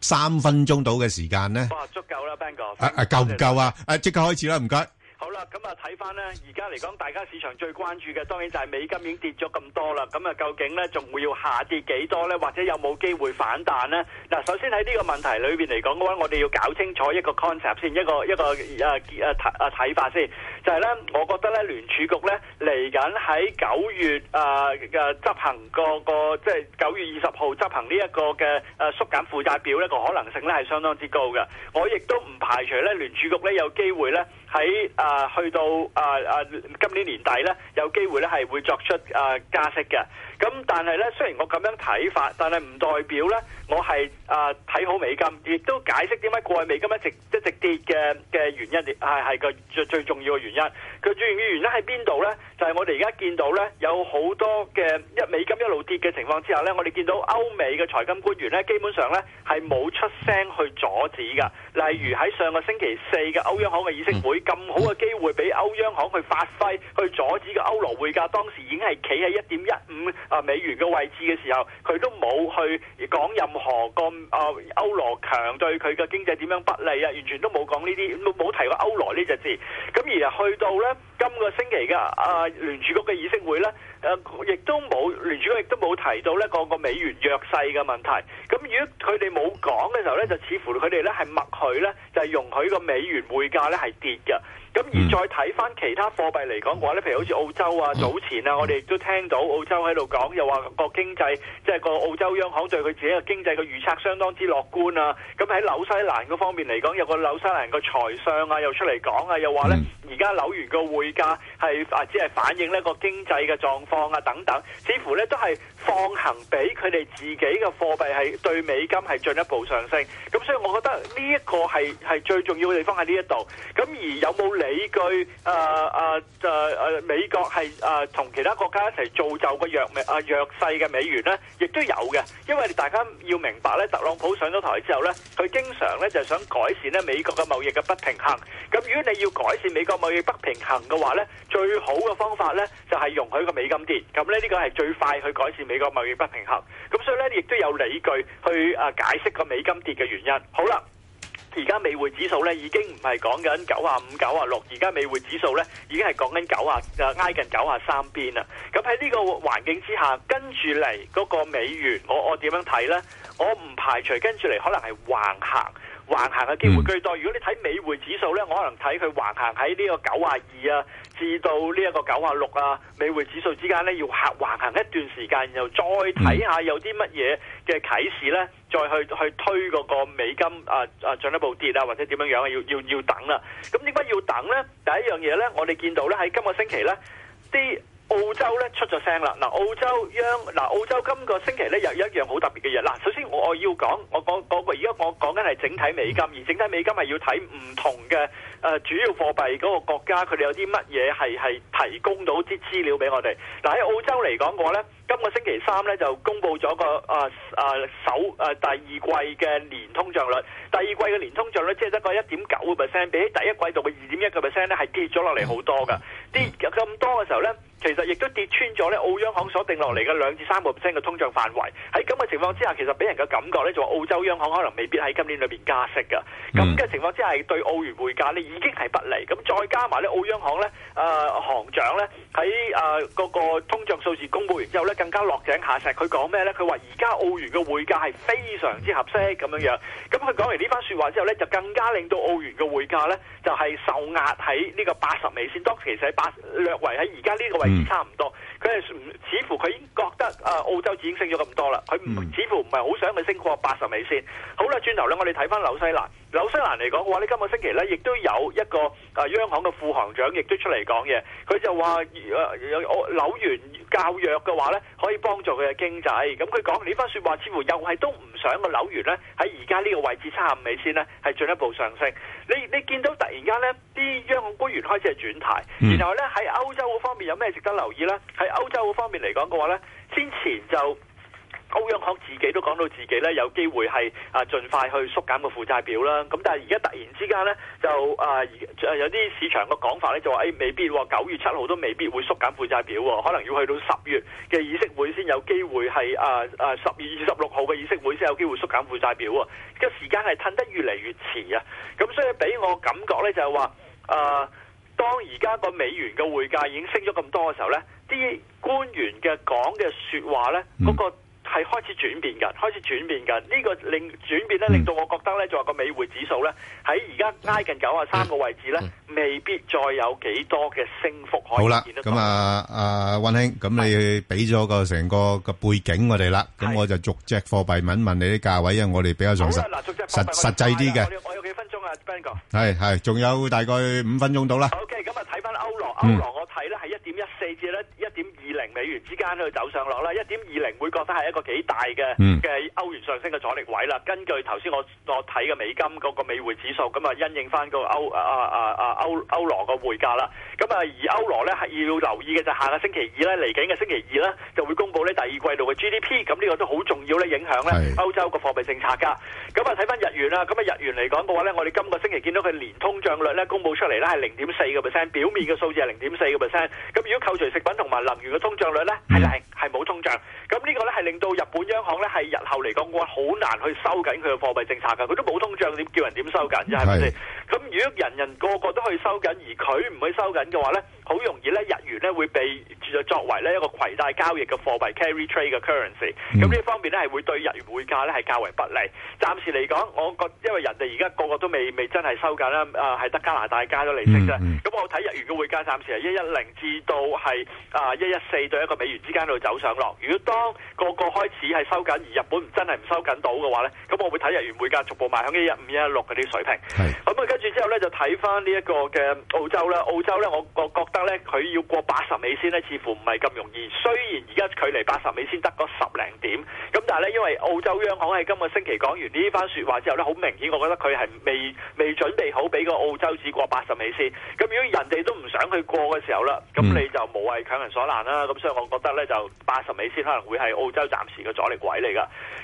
三分鐘到嘅時間咧，哇，足夠啦，Ben 哥，誒誒夠唔夠啊？誒即刻開始啦，唔該。咁啊，睇翻呢，而家嚟講，大家市場最關注嘅，當然就係美金已經跌咗咁多啦。咁啊，究竟呢，仲會要下跌幾多呢？或者有冇機會反彈呢？嗱，首先喺呢個問題裏面嚟講嘅話，我哋要搞清楚一個 concept 先，一個一個誒睇、啊啊啊、睇法先。就係、係、呢，我覺得呢聯儲局呢嚟緊喺九月誒嘅、啊啊、執行個個，即係九月二十號執行呢一個嘅誒縮減負債表呢，呢個可能性呢，係相當之高嘅。我亦都唔排除呢聯儲局呢，有機會呢喺去到啊啊今年年底咧，有機會咧係會作出啊加息嘅。咁，但係咧雖然我咁樣睇法，但係唔代表咧我係啊睇好美金，亦都解釋點解過去美金一直一直跌嘅嘅原因，係係個最最重要嘅原因。佢主要原因喺邊度呢？就係我哋而家見到呢，有好多嘅一美金一路跌嘅情況之下呢，我哋見到歐美嘅財金官員呢，基本上呢，係冇出聲去阻止噶。例如喺上個星期四嘅歐央行嘅議息會咁好嘅機會，俾歐央行去發揮去阻止個歐羅匯價，當時已經係企喺一點一五啊美元嘅位置嘅時候，佢都冇去講任何個啊歐羅強對佢嘅經濟點樣不利啊，完全都冇講呢啲，冇冇提過歐羅呢隻字。咁而啊去到咧。今個星期嘅阿、啊、聯儲局嘅議息會咧，誒、啊、亦都冇聯儲局亦都冇提到咧個個美元弱勢嘅問題。咁如果佢哋冇講嘅時候咧，就似乎佢哋咧係默許咧，就係容許個美元匯價咧係跌嘅。咁、嗯、而再睇翻其他貨幣嚟講嘅話咧，譬如好似澳洲啊，早前啊，我哋亦都聽到澳洲喺度講，又話個經濟，即係個澳洲央行對佢自己嘅經濟嘅預測相當之樂觀啊。咁喺紐西蘭嗰方面嚟講，有個紐西蘭個財相啊，又出嚟講啊，又話咧，而家紐元個匯價係啊，只係反映呢個經濟嘅狀況啊，等等，似乎咧都係。放行俾佢哋自己嘅貨幣，係對美金係進一步上升，咁所以我覺得呢一個係係最重要嘅地方喺呢一度。咁而有冇理據？誒誒誒誒，美國係誒同其他國家一齊造就個、呃、弱美誒弱勢嘅美元呢，亦都有嘅。因為大家要明白咧，特朗普上咗台之後咧，佢經常咧就係、想改善咧美國嘅貿易嘅不平衡。咁如果你要改善美國貿易不平衡嘅話咧，最好嘅方法咧就係、是、容許個美金跌。咁咧呢個係最快去改善。美國貿易不平衡，咁所以咧亦都有理據去、啊、解釋個美金跌嘅原因。好啦，而家美匯指數咧已經唔係講緊九啊五、九啊六，而家美匯指數咧已經係講緊九啊，挨近九啊三邊啦。咁喺呢個環境之下，跟住嚟嗰個美元，我我點樣睇咧？我唔排除跟住嚟可能係橫行，橫行嘅機會巨大。如果你睇美匯指數咧，我可能睇佢橫行喺呢個九啊二啊。至到，啊、呢一個九啊六啊美匯指數之間呢，要行橫行一段時間，然後再睇下有啲乜嘢嘅啟示呢，再去去推嗰個美金啊啊進一步跌啊，或者點樣樣啊，要要要等啦。咁點解要等呢？第一樣嘢呢，我哋見到呢喺今個星期呢啲。澳洲咧出咗聲啦，嗱澳洲央，嗱澳洲今個星期咧有一樣好特別嘅嘢，嗱首先我要講，我講嗰個而家我講緊係整體美金，而整體美金係要睇唔同嘅、呃、主要貨幣嗰個國家，佢哋有啲乜嘢係提供到啲資料俾我哋。嗱、呃、喺澳洲嚟講嘅話咧，今、今個星期三咧就公布咗個、啊啊、首、啊、第二季嘅年通脹率，第二季嘅年通脹率即係得個一點九嘅 percent，比起第一季度嘅二點一嘅 percent 咧係跌咗落嚟好多嘅，啲咁多嘅時候咧。其實亦都跌穿咗咧，澳央行所定落嚟嘅兩至三個 percent 嘅通脹範圍。喺咁嘅情況之下，其實俾人嘅感覺咧，就話澳洲央行可能未必喺今年裏邊加息嘅。咁嘅情況之下，對澳元匯價咧已經係不利。咁再加埋咧，澳央行咧，誒、呃、行長咧喺誒嗰個通脹數字公布完之後咧，更加落井下石。佢講咩咧？佢話而家澳元嘅匯價係非常之合適咁樣樣。咁佢講完呢番説話之後咧，就更加令到澳元嘅匯價咧，就係、是、受壓喺呢個八十美仙。當時其實八略為喺而家呢個位。差唔多。嗯。佢係唔似乎佢已經覺得啊澳洲已經升咗咁多啦，佢唔似乎唔係好想佢升過八十美仙。好啦，轉頭咧，我哋睇翻紐西蘭，紐西蘭嚟講嘅話呢，今個星期呢亦都有一個啊央行嘅副行長亦都出嚟講嘢，佢就話啊我紐元較弱嘅話呢，可以幫助佢嘅經濟。咁佢講呢番說話似乎又係都唔想個紐元呢喺而家呢個位置七十五美仙呢係進一步上升。你你見到突然間呢啲央行官員開始係轉軚，然後呢喺歐洲嗰方面有咩值得留意呢？歐洲方面嚟講嘅話呢，先前就歐央行自己都講到自己呢，有機會係啊，盡快去縮減個負債表啦。咁但係而家突然之間呢，就啊，有啲市場嘅講法呢，就話誒，未必喎，九月七號都未必會縮減負債表喎，可能要去到十月嘅議息會先有機會係啊啊十二月十六號嘅議息會先有機會縮減負債表啊，嘅、這個、時間係褪得越嚟越遲啊。咁所以俾我感覺呢，就係話啊。當而家個美元嘅匯價已經升咗咁多嘅時候咧，啲官員嘅講嘅説話咧，嗰、那個係開始轉變嘅，嗯、開始轉變嘅。呢、這個令轉變咧，令到我覺得咧，嗯、就話個美匯指數咧，喺而家挨近九啊三個位置咧，嗯嗯、未必再有幾多嘅升幅可以見到。好啦，咁啊，阿、啊、溫兄，咁你俾咗個成個個背景我哋啦，咁我就逐隻貨幣問問你啲價位，因為我哋比較上實實際啲嘅。係係，仲有大概五分鐘到啦。OK，咁啊，睇翻歐羅歐羅。美元、嗯嗯、之間去走上落啦，一點二零會覺得係一個幾大嘅嘅歐元上升嘅阻力位啦。根據頭先我我睇嘅美金嗰個美匯指數，咁啊因應翻個歐啊啊啊歐歐羅嘅匯價啦。咁啊而歐羅咧係要留意嘅就係下個星期二咧，嚟緊嘅星期二咧就會公佈呢第二季度嘅 GDP，咁呢個都好重要咧，影響咧歐洲個貨幣政策噶。咁啊睇翻日元啦，咁啊日元嚟講嘅話咧，我哋今個星期見到佢年通脹率咧公佈出嚟咧係零點四個 percent，表面嘅數字係零點四個 percent。咁如果扣除食品同埋能源嘅通脹，率咧係零，係冇、嗯、通脹。咁呢個咧係令到日本央行咧係日後嚟講，我好難去收緊佢嘅貨幣政策㗎。佢都冇通脹，點叫人點收緊啫？係咪？是咁如果人人個個都可以收緊，而佢唔去收緊嘅話呢，好容易呢日元呢會被作為呢一個攜帶交易嘅貨幣 carry trade 嘅 currency。咁呢、嗯、方面呢係會對日元匯價呢係較為不利。暫時嚟講，我覺得因為人哋而家個個都未未真係收緊啦，啊係得加拿大加咗利息啫。咁、嗯、我睇日元嘅匯價暫時係一一零至到係啊一一四對一個美元之間度走上落。如果當個個開始係收緊，而日本真係唔收緊到嘅話呢，咁我會睇日元匯價逐步賣向一一五一一六嗰啲水平。咁是、嗯跟住之後咧，就睇翻呢一個嘅澳洲啦，澳洲咧，我我覺得咧，佢要過八十美仙呢，似乎唔係咁容易。雖然而家距離八十美仙得嗰十零點，咁但係咧，因為澳洲央行喺今個星期講完呢番說話之後咧，好明顯，我覺得佢係未未準備好俾個澳洲紙過八十美仙。咁如果人哋都唔想佢過嘅時候啦，咁你就冇謂強人所難啦。咁所以，我覺得咧，就八十美仙可能會係澳洲暫時嘅阻力位嚟噶。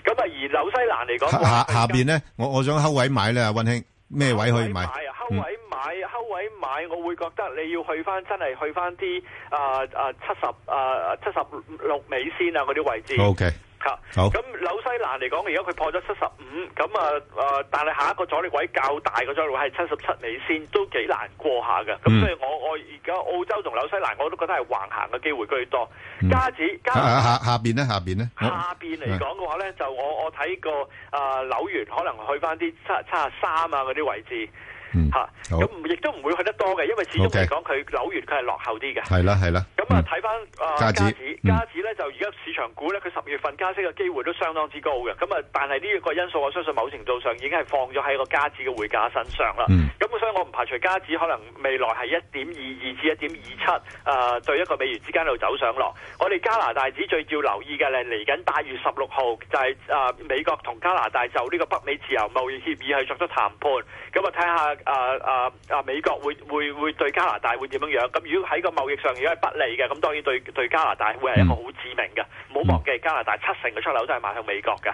咁啊，而紐西蘭嚟講，下下邊呢，在我我想高位買咧溫兄咩位可以買？買啊，後位買。後位買，嗯、後位買我會覺得你要去翻，真係去翻啲、uh, uh, uh, 啊啊七十啊七十六美仙啊嗰啲位置。Okay. 好，嗯嗯嗯好，咁紐西蘭嚟講，而家佢破咗七十五，咁啊但係下一個阻力位較大個阻力位係七十七美仙，都幾難過下嘅。咁所以我我而家澳洲同紐西蘭我都覺得係橫行嘅機會居多。加指加下下邊咧，下邊咧，下邊嚟講嘅話咧，就我我睇個啊紐元可能去翻啲七七啊三啊嗰啲位置。吓，咁亦都唔會去得多嘅，因為始終嚟講佢紐元佢係落後啲嘅。係啦係啦。咁啊睇翻啊加紙指加紙咧，嗯、就而家市場股咧，佢十月份加息嘅機會都相當之高嘅。咁啊，但係呢一個因素，我相信某程度上已經係放咗喺個加紙嘅匯價身上啦。咁、嗯。我唔排除加指可能未來係一點二二至一點二七，誒，對一個美元之間度走上落。我哋加拿大指最要留意嘅咧，嚟緊八月十六號就係、是、誒、呃、美國同加拿大就呢個北美自由貿易協議去作出談判，咁、呃、啊睇下誒誒美國會會會對加拿大會點樣樣？咁如果喺個貿易上如果係不利嘅，咁當然對對加拿大會係一個好致命嘅。唔好、嗯、忘記、嗯、加拿大七成嘅出口都係買向美國嘅，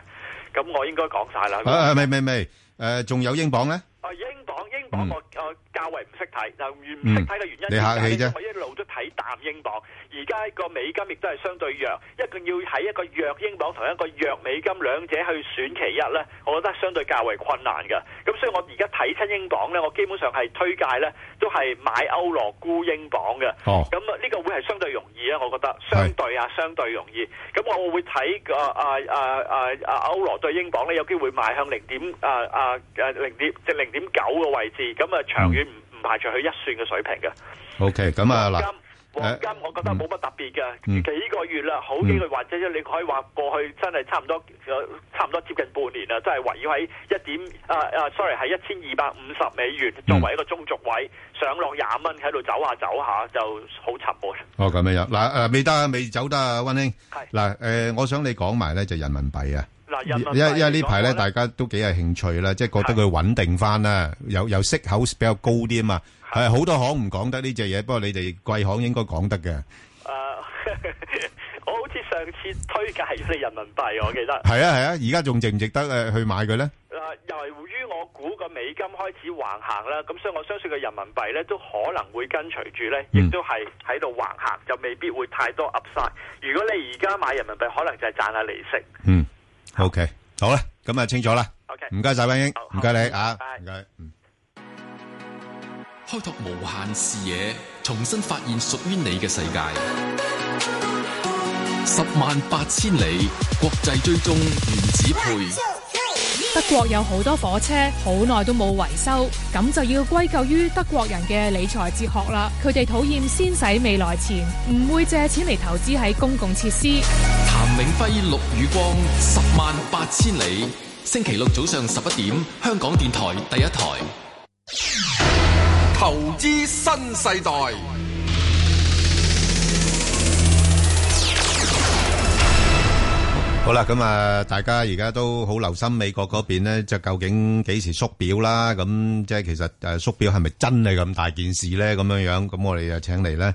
咁我應該講晒啦。誒誒、啊，未未未，誒仲、呃、有英鎊呢？啊，英鎊英鎊我我較為唔識睇，就唔識睇嘅原因，我一路都睇淡英鎊、嗯、而家個美金亦都係相對弱，一定要喺一個弱英鎊同一個弱美金兩者去選其一咧，我覺得相對較為困難嘅。所以我而家睇親英鎊咧，我基本上係推介咧，都係買歐羅沽英鎊嘅。哦，咁啊，呢個會係相對容易啊，我覺得相對啊，相對容易。咁是我會睇個啊啊啊啊歐羅對英鎊咧，有機會邁向零點啊啊誒零點即零點九嘅位置。咁啊，長遠唔唔排除去一算嘅水平嘅。O K，咁啊嗱。嗯那黃金我覺得冇乜特別嘅，嗯、幾個月啦，好幾個或者你可以話過去真係差唔多，差唔多接近半年啦，真係圍繞喺一點啊啊，sorry 係一千二百五十美元作為一個中軸位，上落廿蚊喺度走下走下就好沉悶。哦，咁樣，嗱誒未得未走得啊，溫、啊啊啊、兄，係嗱誒，我想你講埋咧就是、人民幣啊。因因為呢排咧，大家都幾有興趣啦，即係覺得佢穩定翻啦，又又息口比較高啲啊嘛。係好多行唔講得呢隻嘢，不過你哋貴行應該講得嘅。誒、啊， 我好似上次推介你人民幣，我記得係啊係啊，而家仲值唔值得去買佢咧？啊，由於我估個美金開始橫行啦，咁所以我相信個人民幣咧都可能會跟隨住咧，亦都係喺度橫行，就未必會太多 Upside。如果你而家買人民幣，可能就係賺下利息。嗯。OK，好啦，咁啊清楚啦。OK，唔該晒溫英，唔該 Okay. 你 Bye. 啊，唔該。開拓無限視野，重新發現屬於你嘅世界。十萬八千里國際追蹤原子配。德國有好多火車，好耐都冇維修，咁就要歸咎於德國人嘅理財哲學啦。佢哋討厭先使未來錢，唔會借錢嚟投資喺公共設施。永輝綠與光，十萬八千里。星期六早上十一點，香港電台第一台。投資新世代。好啦，咁啊，大家而家都好留心美國嗰邊呢，就究竟幾時縮表啦？咁即係其實誒，縮表係咪真係咁大件事咧？咁樣樣，咁我哋就請嚟咧。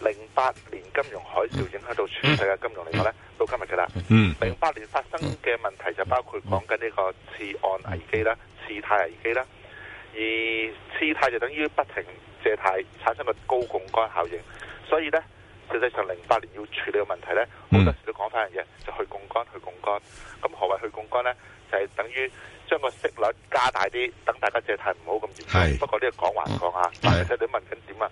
零八年金融海嘯影響到全世界金融嚟講呢，到、嗯、今日嘅啦。嗯，零八年發生嘅問題就包括講緊呢個次按危機啦、次貸危機啦，而次貸就等於不停借貸產生個高槓桿效應，所以呢，實際上零八年要處理嘅問題呢，好、嗯、多時都講翻一樣嘢，就去槓桿、去槓桿。咁何謂去槓桿呢？就係、是、等於將個息率加大啲，等大家借貸唔好咁嚴重。是不過呢個講還講下，嗯、但係睇係你問緊點啊？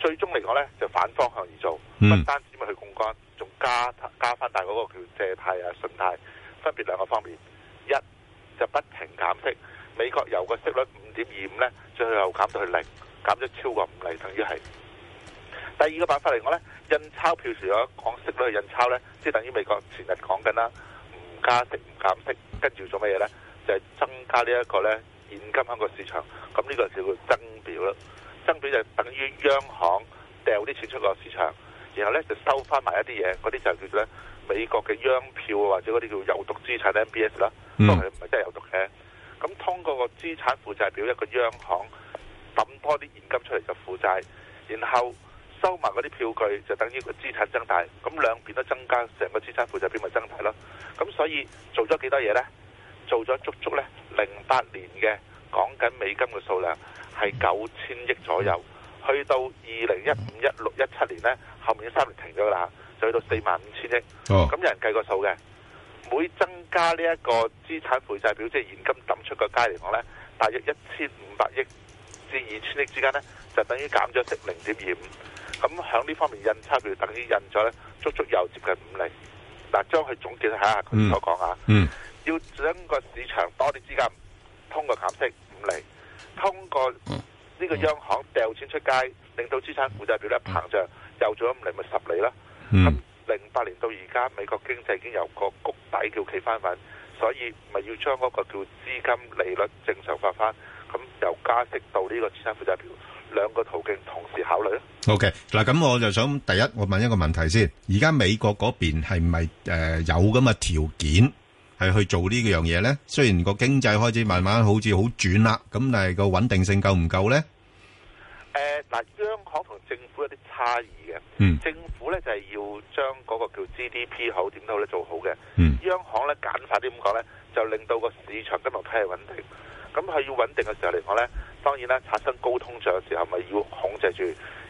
最終嚟講咧，就反方向而做，嗯、不單止咪去杠杆，仲加加翻大嗰個叫借貸啊、信貸，分別兩個方面。一就不停減息，美國由個息率五點二五咧，最後減到去零，減咗超過五厘，等於係。第二個辦法嚟講咧，印鈔票除咗降息率印鈔咧，即係等於美國前日講緊啦，唔加息唔減息，跟住做乜嘢咧？就係、是、增加這個呢一個咧現金喺個市場，咁、這、呢個就叫增表啦。增表就等於央行掉啲錢出落市場，然後呢就收翻埋一啲嘢，嗰啲就叫做呢美國嘅央票或者嗰啲叫有毒資產的 MBS 啦，都係唔係真係有毒嘅。咁通過個資產負債表一個央行抌多啲現金出嚟就負債，然後收埋嗰啲票據，就等於個資產增大，咁兩邊都增加，成個資產負債表咪增大咯。咁所以做咗幾多嘢呢？做咗足足呢零八年嘅講緊美金嘅數量。係九千億左右，去到二零一五一六一七年呢，後面三年停咗啦，就去到四萬五千億。咁、oh. 有人計過數嘅，每增加呢一個資產負債表，即係現金抌出個街嚟講呢，大約一千五百億至二千億之間呢，就等於減咗息零點二五。咁響呢方面印鈔，譬如等於印咗足足有接近五厘。嗱，將佢總結下，我講下，mm. Mm. 要整個市場多啲資金通過減息五厘。通過呢個央行掉錢出街，令到資產負債表咧膨脹，又做咗五厘咪十厘啦。咁零八年到而家，美國經濟已經由個谷底叫企翻穩，所以咪要將嗰個叫資金利率正常化翻。咁由加息到呢個資產負債表，兩個途徑同時考慮咯。OK，嗱咁我就想第一，我問一個問題先：而家美國嗰邊係咪誒有咁嘅條件？係去做呢個樣嘢呢？雖然個經濟開始慢慢好似好轉啦，咁但係個穩定性夠唔夠呢？誒、呃，嗱、呃，央行同政府有啲差異嘅，嗯，政府呢就係、是、要將嗰個叫 G D P 好點都好咧做好嘅，嗯，央行呢簡化啲咁講呢，就令到個市場金融體系穩定。咁佢要穩定嘅時候嚟講呢，當然啦，產生高通脹嘅時候咪要控制住，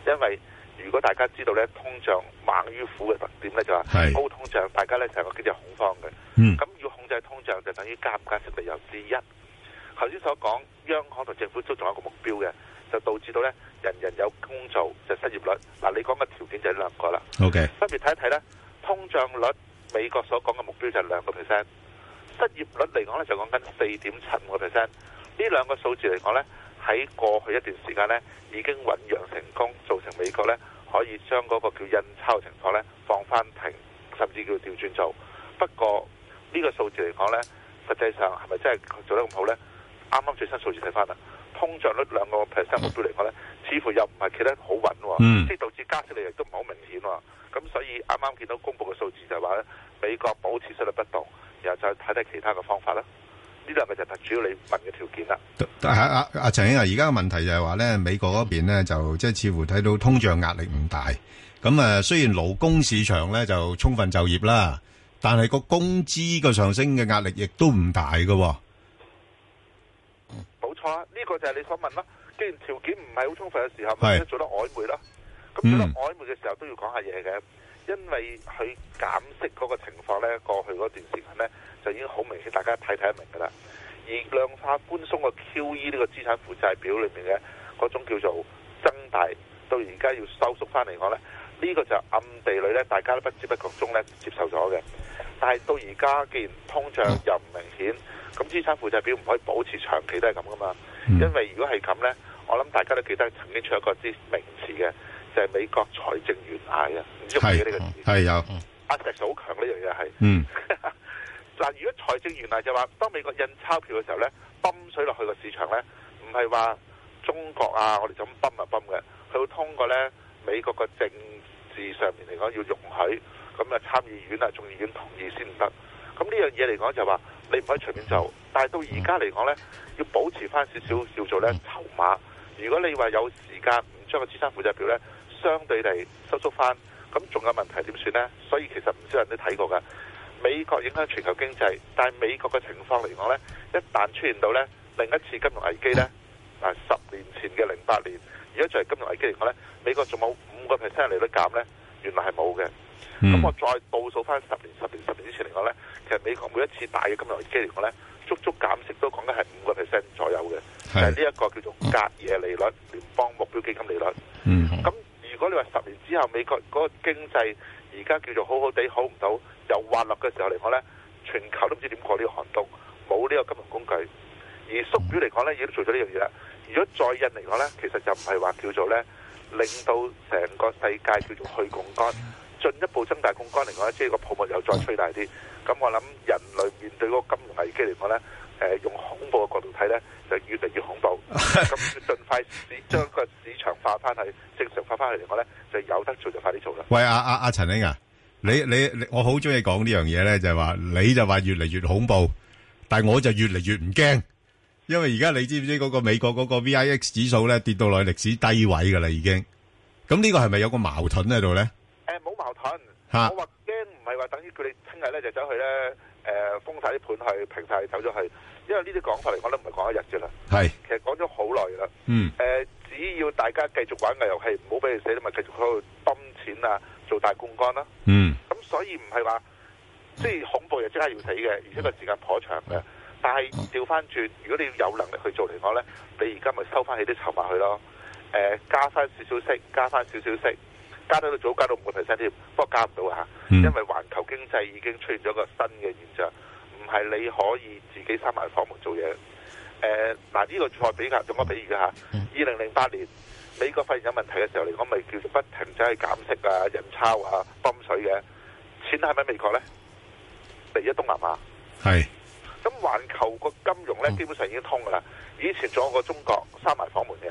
因為。如果大家知道咧，通脹猛於虎嘅特點咧，就話係高通脹，大家咧成個經濟恐慌嘅。咁、嗯、要控制通脹，就等於加唔加息未有之一。頭先所講，央行同政府都仲有一個目標嘅，就導致到咧人人有工做就是、失業率。嗱，你講嘅條件就係兩個啦。分 Okay. 別睇一睇咧，通脹率美國所講嘅目標就係兩個 percent，失業率嚟講咧就講緊四點七五個 percent。呢兩個數字嚟講咧。喺過去一段時間咧，已經醖釀成功，造成美國咧可以將嗰個叫印鈔情況咧放翻停，甚至叫調轉做。不過呢個數字嚟講呢，實際上係咪真係做得咁好呢？啱啱最新數字睇翻啦，通脹率兩個 percent 目標嚟講呢，似乎又唔係企得好穩，即係導致加息率亦都唔係好明顯。咁所以啱啱見到公佈嘅數字就係話呢，美國保持息率不動，然後再睇睇其他嘅方法啦。呢兩咪就係主要你問嘅條件啦。阿阿阿陳兄啊，而家嘅問題就係話咧，美國嗰邊咧就即係似乎睇到通脹壓力唔大。咁啊，雖然勞工市場咧就充分就業啦，但係個工資個上升嘅壓力亦都唔大嘅喎。冇錯啊，呢、這個就係你所問啦啊。既然條件唔係好充分嘅時候，咪先是做得曖昧咯。咁做得曖昧嘅時候，都要講下嘢嘅。因為佢減息嗰個情況呢，過去嗰段時間呢，就已經好明顯，大家睇睇得明噶啦。而量化寬鬆嘅 QE 呢個資產負債表裏面嘅嗰種叫做增大，到而家要收縮翻嚟講呢呢、呢個就暗地裏呢，大家都不知不覺中呢接受咗嘅。但係到而家既然通脹又唔明顯，咁資產負債表唔可以保持長期都係咁噶嘛？嗯、因為如果係咁呢，我諗大家都記得曾經出過啲名詞嘅，就係美國財政懸崖啊！唔知用唔用呢個字？係有壓力好強呢樣嘢係。嗯。嗱， 如果財政懸崖就話，當美國印鈔票嘅時候咧，泵水落去個市場咧，唔係話中國啊，我哋咁泵啊泵嘅，佢會通過咧美國嘅政治上面嚟講要容許，咁啊參議院啊眾議院同意先得。咁呢樣嘢嚟講就話、是，你唔可以隨便做。但係到而家嚟講咧，嗯、要保持翻少少叫做咧籌碼。如果你話有時間唔將個資產負債表咧，相對嚟收縮翻，咁仲有問題點算呢？所以其實唔少人都睇過㗎。美國影響全球經濟，但係美國嘅情況嚟講呢，一旦出現到呢，另一次金融危機呢，嗯、十年前嘅零八年，如果就係金融危機嚟講呢，美國仲冇五個 percent 利率減呢，原來係冇嘅。咁、嗯、我再倒數翻十年、十年、十年之前嚟講呢，其實美國每一次大嘅金融危機嚟講呢，足足減息都講緊係五個 percent 左右嘅，係呢一個叫做隔夜利率、聯邦、嗯、目標基金利率。咁、嗯。如果你話十年之後美國嗰個經濟而家叫做好好地好唔到又滑落嘅時候嚟講呢，全球都唔知點過呢個寒冬，冇呢個金融工具，而縮表嚟講咧嚟講呢已經做咗呢樣嘢啦。如果再印嚟講呢，其實就唔係話叫做呢，令到成個世界叫做去槓桿，進一步增大槓桿嚟講呢，即係個泡沫又再吹大啲。咁我諗人類面對嗰個金融危機嚟講呢，誒、呃、用恐怖嘅角度睇呢，就越嚟越恐怖。咁要盡快將個市場。發翻係正常發翻嚟講咧，就有得做就快啲做啦。喂，阿阿阿陳兄啊，你你我好中意講呢樣嘢咧，就係話你就話越嚟越恐怖，但係我就越嚟越唔驚，因為而家你知唔知嗰個美國嗰個 VIX 指數咧跌到落去歷史低位嘅啦，已經。咁呢個係咪有個矛盾喺度咧？誒，冇矛盾嚇。我話驚唔係話等於叫你聽日咧就走去咧誒封曬啲盤去平曬走咗去，因為呢啲講法嚟講都唔係講一日啫啦。係，其實講咗好耐啦。嗯。誒。只要大家繼續玩嘅遊戲，唔好俾佢死，咪繼續喺度抌錢啊，做大槓桿啦。嗯。咁所以唔係話，即係恐怖就即刻要死嘅，而且個時間頗長嘅。但係調翻轉，如果你要有能力去做嚟講咧，你而家咪收翻起啲籌碼去咯。誒、呃，加翻少少息，加翻少少息，加，息加得到早加得到五個 percent 添，不過加唔到啊。Mm. 因為環球經濟已經出現咗個新嘅現象，唔係你可以自己閂埋房門做嘢。誒，嗱呢、呃這個對比啊，做個比喻吓。二零零八年美國發現有問題嘅時候嚟講，咪叫做不停走去減息啊、印鈔啊、泵水嘅。錢係咪美國咧？嚟咗東南亞係。咁是環球個金融咧，基本上已經通噶啦。嗯、以前仲有個中國閂埋房門嘅。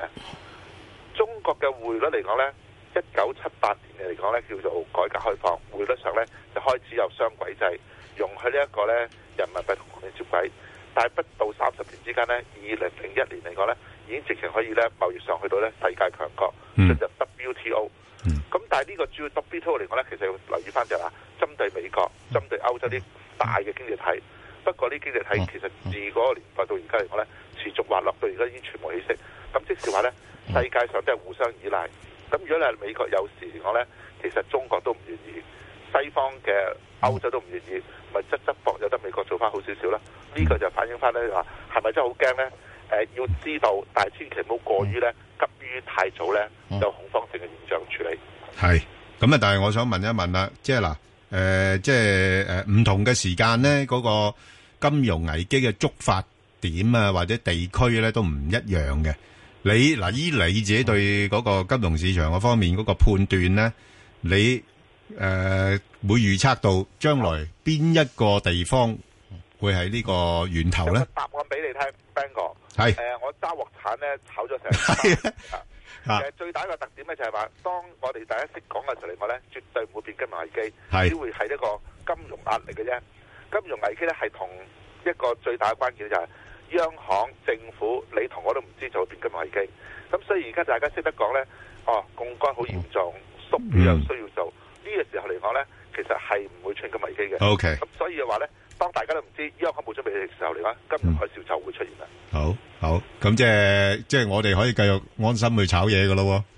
中國嘅匯率嚟講咧，一九七八年嘅嚟講咧，叫做改革開放，匯率上咧就開始有雙軌制，容許呢一個咧人民幣同港元接軌。但係不到三十年之間呢，二零零一年嚟講呢，已經直情可以呢，貿易上去到呢，世界強國，嗯、進入 WTO、嗯。咁但係呢個主要 WTO 嚟講呢，其實要留意返就係啦，針對美國、針對歐洲啲大嘅經濟體。不過呢經濟體其實自嗰個年代到而家嚟講呢，持續滑落，到而家已經全無起色。咁即是話呢，世界上都係互相依賴。咁如果你係美國有事嚟講呢，其實中國都唔願意，西方嘅歐洲都唔願意。咪側側膊有得美國做翻好少少啦，呢個就反映翻咧，話係咪真係好驚咧？誒，要知道，但係千祈唔好過於咧急於太早咧，有恐慌性嘅現象處理。係咁啊！但係我想問一問啦，即係嗱誒，即係誒唔同嘅時間咧，嗰個金融危機嘅觸發點啊，或者地區咧都唔一樣嘅。你嗱依你自己對嗰個金融市場嗰方面嗰個判斷咧，你？誒、呃，會預測到將來邊一個地方會喺呢個源頭咧？答案俾你聽 b a n 哥係誒，我揸鑊鏟咧炒咗成。係 啊，啊最大一個特點咧就係、是、話，當我哋大家識講嘅時候嚟講咧，絕對唔會變金融危機，是只會係一個金融壓力嘅啫。金融危機咧係同一個最大關鍵就係、是、央行、政府、你同我都唔知做變金融危機。咁雖然而家大家識得講咧，哦，槓桿好嚴重，縮表又、啊、需要做。嗯呢個時候嚟講咧，其實係唔會出現緊危機嘅。O K，咁所以嘅話咧，當大家都唔知央行冇準備嘅時候嚟講，金融海嘯就會出現啦、嗯。好好，咁即係即係我哋可以繼續安心去炒嘢嘅咯喎。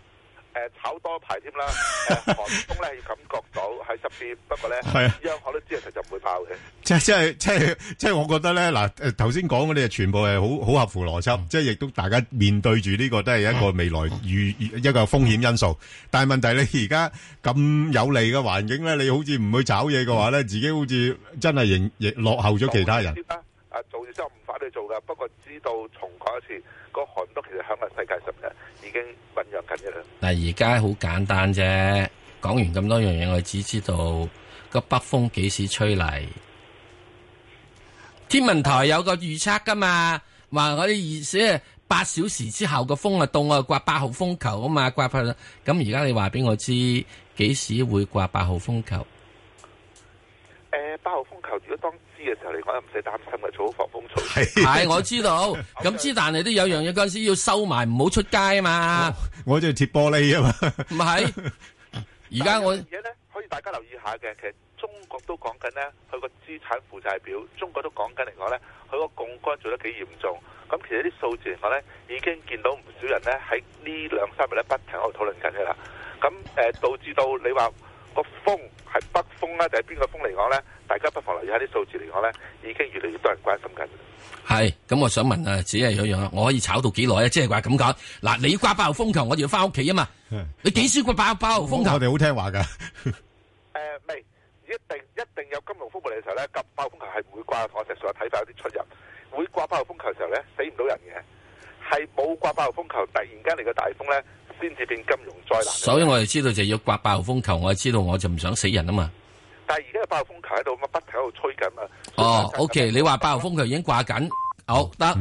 考多排添啦，寒風咧要感覺到係十點，不過咧，央行都知，其佢、啊、就唔會爆嘅。即即係即即我覺得咧嗱，誒頭先講嗰啲全部係好好合乎邏輯。嗯、即係亦都大家面對住呢個都係一個未來預一個風險因素。但係問題咧，而家咁有利嘅環境咧，你好似唔去炒嘢嘅話咧，嗯、自己好似真係仍落後咗其他人。啊！做完之後唔翻去做噶，不過知道重講一次，個寒冬其實響個世界十日已經醞釀緊嘅啦。嗱，而家好簡單啫，講完咁多樣嘢，我只知道個北風幾時吹嚟？天文台有個預測噶嘛，話我哋二即八小時之後個風啊凍啊颳八號風球啊嘛，颳翻咁而家你話俾我知幾時會颳八號風球？誒，八號、呃、風球如果當知嘅時候你講得唔使擔心嘅，做好防風措施。係、啊 哎，我知道。咁知，但係都有樣嘢，嗰陣時要收埋，唔好出街啊嘛。我就貼玻璃啊嘛。唔係。而家我而家咧，可以大家留意一下嘅，其實中國都講緊咧，佢個資產負債表，中國都講緊嚟講咧，佢個槓桿做得幾嚴重。咁其實啲數字嚟講咧，已經見到唔少人咧喺呢在這兩三日咧不停喺度討論緊嘅啦。咁誒、呃，導致到你話。風風就是、個風係北風啦，定係邊個風嚟講咧？大家不妨留意下啲數字嚟講咧，已經越嚟越多人關心緊。係，咁我想問啊，只係咁樣，我可以炒到幾耐咧？即係話咁講，嗱，你要掛八號風球，我哋要翻屋企啊嘛。你幾時掛八號風球？你好、嗯、聽話噶。誒、 呃，未一定一定有金融風暴嚟嘅時候咧，及八號風球係唔會掛我石，所以睇法有啲出入。會掛八號風球嘅時候咧，死唔到人嘅，係冇掛八號風球，突然間嚟個大風咧。先至變金融災難，所以我哋知道就要刮八號風球，我係知道我就唔想死人啊嘛。但係而家嘅八號風球喺度咁啊，不停喺度吹緊啊。哦，OK，你話八號風球已經掛緊，好得。